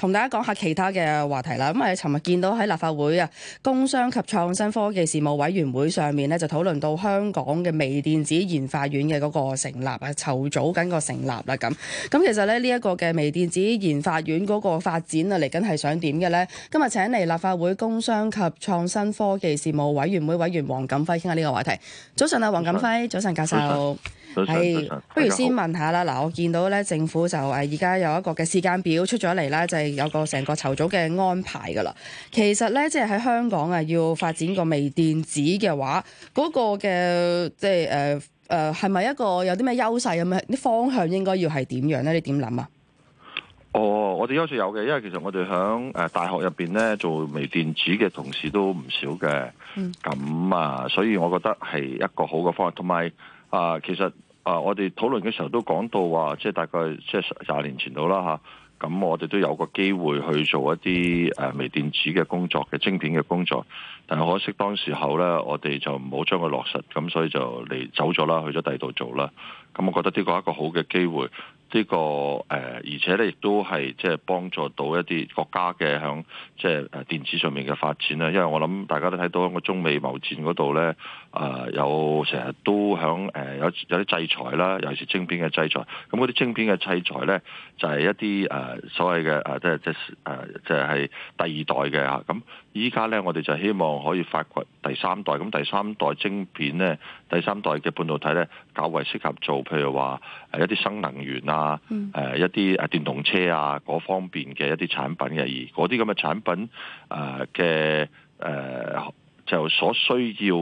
同大家講下其他嘅話題啦，咁啊，尋日見到喺立法會啊，工商及創新科技事務委員會上面咧，就討論到香港嘅微電子研發院嘅嗰個成立啊，籌組緊個成立啦，咁咁其實咧呢一個嘅微電子研發院嗰個發展啊，嚟緊係想點嘅呢？今日請嚟立法會工商及創新科技事務委員會委員黃錦輝傾下呢個話題。早晨啊，黃錦輝，早晨，教授。係、哎，不如先問下啦。嗱，我見到咧政府就誒而家有一個嘅時間表出咗嚟啦，就係、是、有個成個籌組嘅安排噶啦。其實咧，即係喺香港啊，要發展個微電子嘅話，嗰、那個嘅即係誒誒，係、就、咪、是呃、一個有啲咩優勢咁啊？啲方向應該要係點樣咧？你點諗啊？哦，我哋優勢有嘅，因為其實我哋響誒大學入邊咧做微電子嘅同事都唔少嘅。咁、嗯、啊，所以我覺得係一個好嘅方向，同埋，啊，其實啊，我哋討論嘅時候都講到話，啊，即係大概即係廿年前度啦吓，咁我哋都有個機會去做一啲微電子嘅工作嘅晶片嘅工作，但係可惜當時候咧，我哋就唔好將佢落實，咁所以就嚟走咗啦，去咗第二度做啦，咁我覺得呢個係一個好嘅機會。呢、這個誒，而且咧亦都係即係幫助到一啲國家嘅響即係誒電子上面嘅發展啦。因為我諗大家都睇到喺個中美貿戰嗰度咧，啊、呃、有成日都響誒、呃、有有啲制裁啦，尤其是晶片嘅制裁。咁嗰啲晶片嘅制裁咧，就係、是、一啲誒、呃、所謂嘅誒即係即係誒即係係第二代嘅嚇。咁依家咧我哋就希望可以發掘第三代。咁第三代晶片咧，第三代嘅半導體咧，較為適合做譬如話誒一啲新能源啊。啊，誒、呃、一啲誒電動車啊，嗰方面嘅一啲產品嘅，而嗰啲咁嘅產品誒嘅誒就所需要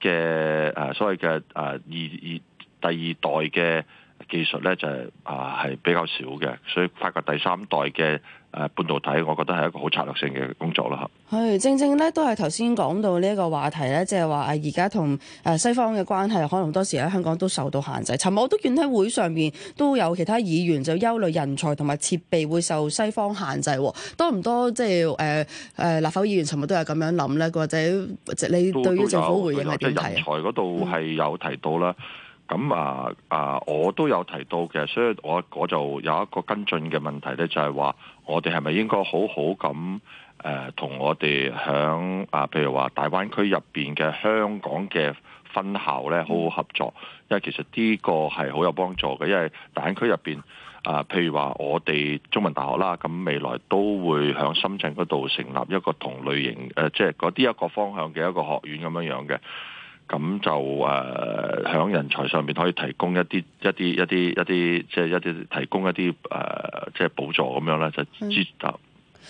嘅誒、啊、所謂嘅誒二二第二代嘅技術咧，就係、係、啊係比較少嘅，所以發掘第三代嘅。誒、呃、半導體，我覺得係一個好策略性嘅工作咯，嚇。係，正正咧都係頭先講到呢一個話題咧，即係話啊，而家同誒西方嘅關係，可能多時喺香港都受到限制。尋日我都見喺會上面都有其他議員就憂慮人才同埋設備會受西方限制，多唔多？即係誒誒立法會議員尋日都係咁樣諗咧，或者你對於政府回應係點睇啊？都有，都有，即係人才嗰度係有提到啦。嗯咁啊啊，我都有提到嘅，所以我我就有一個跟進嘅問題咧，就係話我哋係咪應該好好咁誒同我哋喺啊，譬如話大灣區入邊嘅香港嘅分校咧，好好合作，因為其實呢個係好有幫助嘅，因為大灣區入邊啊，譬如話我哋中文大學啦，咁未來都會喺深圳嗰度成立一個同類型誒，即係嗰啲一個方向嘅一個學院咁樣樣嘅。咁就誒，響人才上面可以提供一啲一啲一啲一啲，即係一啲提供一啲誒，即係補助咁樣啦。就知、是、道。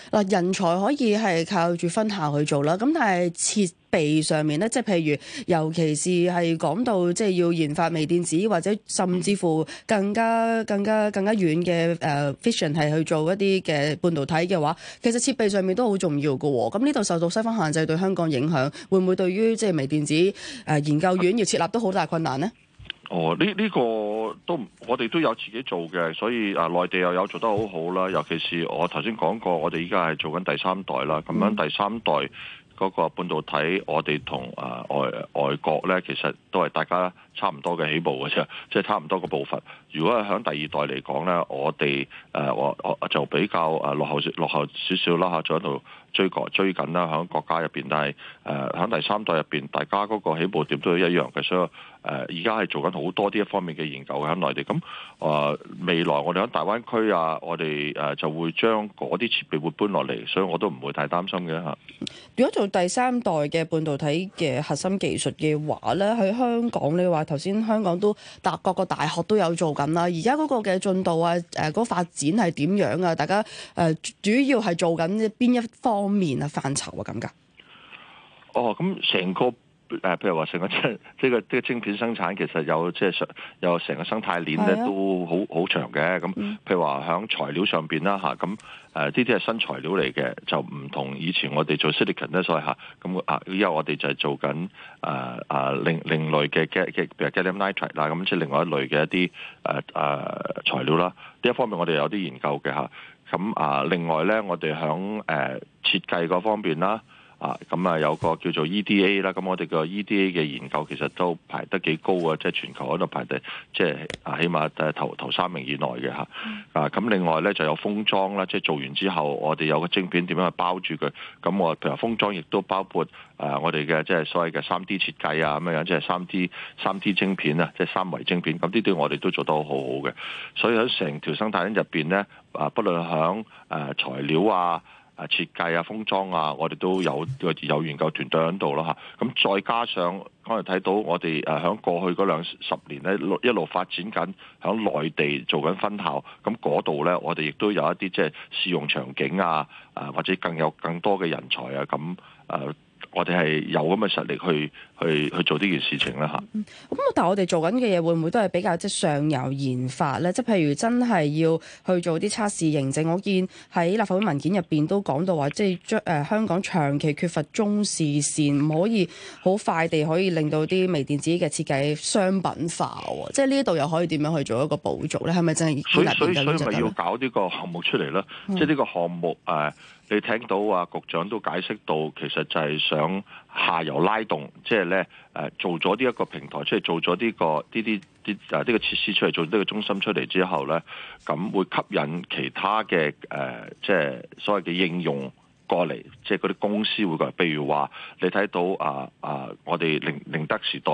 嗱，人才可以係靠住分校去做啦，咁但係設備上面咧，即係譬如，尤其是係講到即係要研發微電子，或者甚至乎更加更加更加遠嘅誒 fission 係去做一啲嘅半導體嘅話，其實設備上面都好重要嘅喎。咁呢度受到西方限制對香港影響，會唔會對於即係微電子誒研究院要設立都好大困難咧？哦，呢呢個都我哋都有自己做嘅，所以啊，內地又有做得好好啦。尤其是我頭先講過，我哋依家係做緊第三代啦。咁樣第三代嗰個半導體，我哋同啊外外國咧，其實都係大家差唔多嘅起步嘅啫，即係差唔多個步伐。如果係喺第二代嚟講咧，我哋誒我我就比較、啊、落後落後少少啦嚇，仲喺度追追緊啦。喺國家入面，但係誒喺第三代入面，大家嗰個起步點都係一樣嘅，所以。誒，而家係做緊好多呢一方面嘅研究嘅喺內地，咁啊、呃、未來我哋喺大灣區啊，我哋誒、呃、就會將嗰啲設備會搬落嚟，所以我都唔會太擔心嘅吓。如果做第三代嘅半導體嘅核心技術嘅話咧，喺香港你話頭先香港都搭各個大學都有做緊啦，而家嗰個嘅進度啊，誒、呃、嗰個發展係點樣啊？大家誒、呃、主要係做緊邊一方面的範疇啊範疇啊咁噶？哦，咁成個。誒，譬如話成個晶，即、這、晶、個、片生產其實有即成，有成個生態鏈咧，都好好長嘅。咁譬如話喺材料上面啦，嚇咁呢啲係新材料嚟嘅，就唔同以前我哋做 silicon 咧，所以嚇咁啊，而家我哋就係做緊、啊啊、另另類嘅嘅嘅，gallium nitride 啦，咁即係另外一類嘅一啲、啊啊、材料啦。呢一方面我哋有啲研究嘅咁啊，啊，另外咧我哋響誒設計嗰方面啦。啊，咁啊有個叫做 EDA 啦，咁我哋個 EDA 嘅研究其實都排得幾高啊，即係全球嗰度排第，即係啊起碼誒頭，頭，頭三名以內嘅嚇。啊，咁另外呢，就有封裝啦，即係做完之後，我哋有個晶片點樣去包住佢。咁我譬如封裝亦都包括誒我哋嘅即係所謂嘅三 D 設計啊咁樣，即係三 D 三 D 晶片啊，即係三維晶片。咁呢啲我哋都做得好好嘅。所以喺成條生態鏈入邊呢，啊，不論響誒材料啊。設計啊、封裝啊，我哋都有有研究團隊喺度咯吓。咁再加上可能睇到我哋誒響過去嗰兩十年咧，一路發展緊響內地做緊分校，咁嗰度咧我哋亦都有一啲即係試用場景啊，誒或者更有更多嘅人才啊，咁誒。呃我哋係有咁嘅實力去去去做呢件事情啦咁、嗯嗯、但我哋做緊嘅嘢會唔會都係比較即係上游研發咧？即係譬如真係要去做啲測試認證。我見喺立法會文件入面都講到話，即係、呃、香港長期缺乏中試線，唔可以好快地可以令到啲微電子嘅設計商品化喎。即係呢一度又可以點樣去做一個補助咧？係咪真係建立法所以所以要搞呢個項目出嚟啦、嗯。即係呢個項目、呃你聽到啊，局長都解釋到，其實就係想下游拉動，即係咧誒，做咗呢一個平台，出嚟，做咗呢、呢個呢啲啲啊呢個設施出嚟，做呢個中心出嚟之後咧，咁會吸引其他嘅誒，即、呃、係、就係、所謂嘅應用過嚟，即係嗰啲公司會過嚟，譬如話你睇到啊啊、呃呃，我哋寧寧德時代。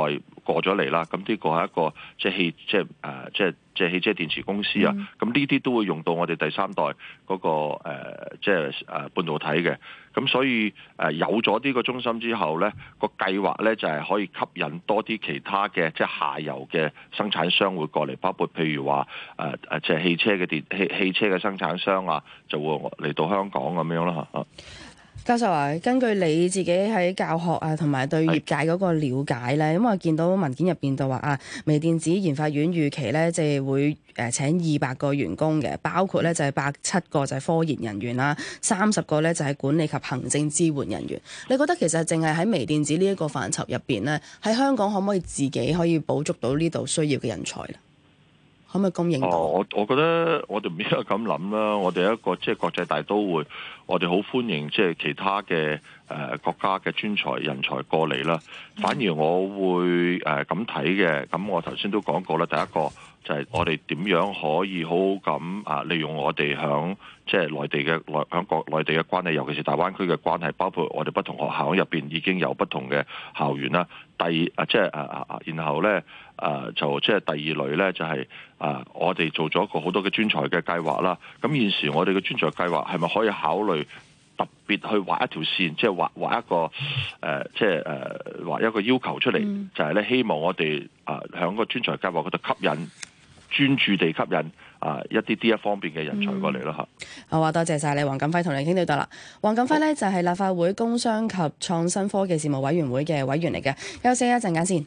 過咗嚟啦，咁呢個係一個即係即係誒即係即係汽車電池公司啊，咁呢啲都會用到我哋第三代嗰個即係誒半導體嘅。咁呃所以誒有咗呢個中心之後咧，個計劃咧就係可以吸引多啲其他嘅即係下游嘅生產商會過嚟，包括譬如話誒誒即係汽車嘅電汽汽車嘅生產商啊，就會嚟到香港咁樣咯。嗯教授啊，根據你自己喺教學啊，同埋對業界嗰個了解咧，因為見到文件入邊就話啊，微電子研發院預期咧就係會誒請二百個員工嘅，包括咧就係百七個就係科研人員啦，三十個咧就係管理及行政支援人員。你覺得其實淨係喺微電子呢一個範疇入邊咧，喺香港可唔可以自己可以補足到呢度需要嘅人才咧？可唔可以供應？我我覺得我哋唔應該咁諗啦，我哋一個即係、就是、國際大都會。我哋好歡迎，即係其他嘅誒國家嘅專才人才過嚟啦。反而我會誒咁睇嘅。咁我頭先都講過啦。第一個就係我哋點樣可以好好咁啊利用我哋響即係內地嘅內響國內地嘅關係，尤其是大灣區嘅關係，包括我哋不同學校入邊已經有不同嘅校園啦。第二啊即係誒啊，然後咧誒就即係第二類咧就係誒我哋做咗一個好多嘅專才嘅計劃啦。咁現時我哋嘅專才計劃係咪可以考慮。特別去畫一條線，即係畫畫一個誒、呃，即係誒，畫、呃、一個要求出嚟、嗯，就係、是、咧希望我哋啊，喺、呃、個專才計劃嗰度吸引專注地吸引啊、呃，一啲啲一方面嘅人才過嚟咯，吓、嗯。好啊，多謝晒你，黃錦輝同你傾到到啦。黃錦輝呢，就係、是、立法會工商及創新科技事務委員會嘅委員嚟嘅，休息一陣間先。